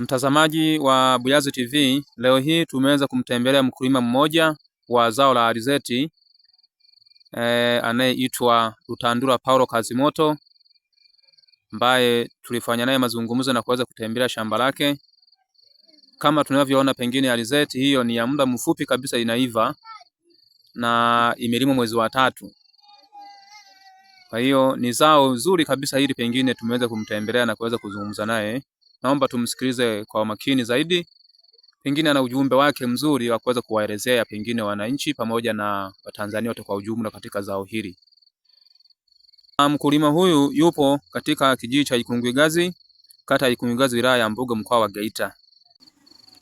Mtazamaji wa Buyazi TV, leo hii tumeweza kumtembelea mkulima mmoja wa zao la alizeti e, anayeitwa rutandura Paulo Kazimoto ambaye tulifanya naye mazungumzo na kuweza kutembelea shamba lake. Kama tunavyoona, pengine alizeti hiyo ni ya muda mfupi kabisa, inaiva na imelimwa mwezi wa tatu. Kwa hiyo ni zao zuri kabisa hili, pengine tumeweza kumtembelea na kuweza kuzungumza naye Naomba tumsikilize kwa makini zaidi, pengine ana ujumbe wake mzuri wa kuweza kuwaelezea pengine wananchi pamoja na Watanzania wote kwa ujumla katika zao hili. Mkulima huyu yupo katika kijiji cha Ikunguigazi, kata ya Ikunguigazi, wilaya ya Mbuga, mkoa wa Geita.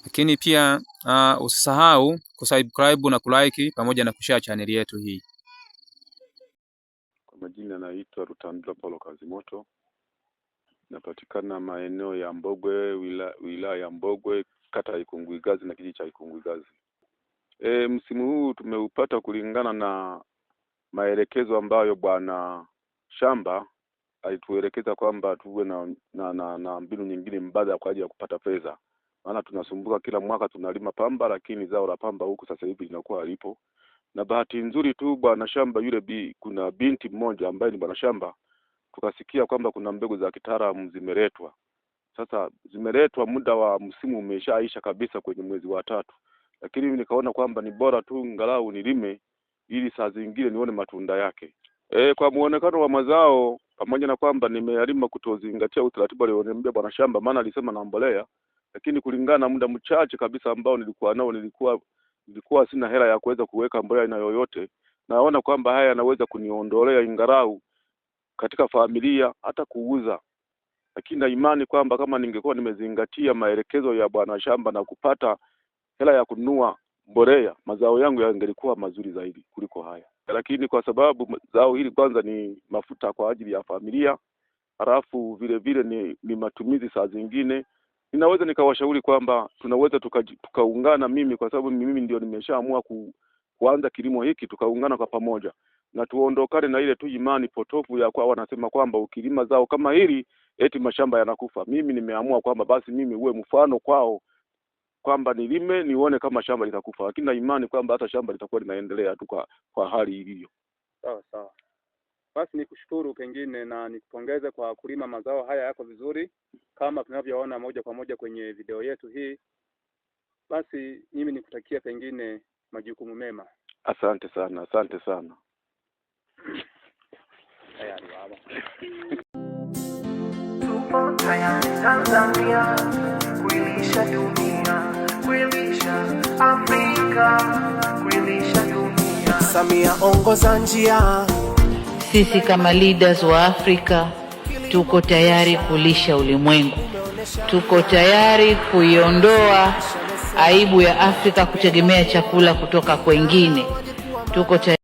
Lakini pia uh, usisahau kusubscribe na kulike pamoja na kushare chaneli yetu hii. Kwa majina anaitwa Rutandula Paulo Kazimoto, Inapatikana maeneo ya Mbogwe, wilaya ya Mbogwe, kata ya Ikunguigazi na kijiji cha Ikunguigazi. E, msimu huu tumeupata kulingana na maelekezo ambayo bwana shamba alituelekeza kwamba tuwe na, na, na, na mbinu nyingine mbadala kwa ajili ya kupata fedha, maana tunasumbuka kila mwaka tunalima pamba, lakini zao la pamba huku sasa hivi linakuwa halipo. Na bahati nzuri tu bwana shamba yule bi, kuna binti mmoja ambaye ni bwana shamba tukasikia kwamba kuna mbegu za kitaalamu zimeletwa. Sasa zimeletwa, muda wa msimu umeshaisha kabisa kwenye mwezi wa tatu, lakini nikaona kwamba ni bora tu ngalau nilime ili saa zingine nione matunda yake. E, kwa muonekano wa mazao pamoja na kwamba nimeyalima kutozingatia utaratibu alioniambia bwana shamba, maana alisema na mbolea, lakini kulingana na muda mchache kabisa ambao nilikuwa nao, nilikuwa nilikuwa sina hela ya kuweza kuweka mbolea aina yoyote. Naona kwamba haya yanaweza kuniondolea ingarau katika familia, hata kuuza. Lakini na imani kwamba kama ningekuwa nimezingatia maelekezo ya bwana shamba na kupata hela ya kununua mbolea, mazao yangu yangelikuwa mazuri zaidi kuliko haya. Lakini kwa sababu zao hili kwanza ni mafuta kwa ajili ya familia, halafu vile vile ni, ni matumizi saa zingine ninaweza nikawashauri kwamba tunaweza tukaungana tuka mimi kwa sababu mimi ndio nimeshaamua ku, kuanza kilimo hiki, tukaungana kwa pamoja na tuondokane na ile tu imani potofu ya kwa wanasema kwamba ukilima zao kama hili eti mashamba yanakufa. Mimi nimeamua kwamba basi mimi uwe mfano kwao kwamba nilime nione kama shamba litakufa, lakini na imani kwamba hata shamba litakuwa linaendelea tu kwa, kwa hali ilivyo. Sawa sawa, basi nikushukuru pengine na nikupongeze kwa kulima mazao haya yako vizuri kama tunavyoona moja kwa moja kwenye video yetu hii. Basi mimi nikutakia pengine majukumu mema. Asante sana, asante sana tayari tupo tayari Tanzania kuilisha dunia kuilisha Afrika kuilisha dunia Samia ongoza njia sisi kama leaders wa Afrika tuko tayari kulisha ulimwengu tuko tayari kuiondoa aibu ya Afrika kutegemea chakula kutoka kwengine. Tuko tayari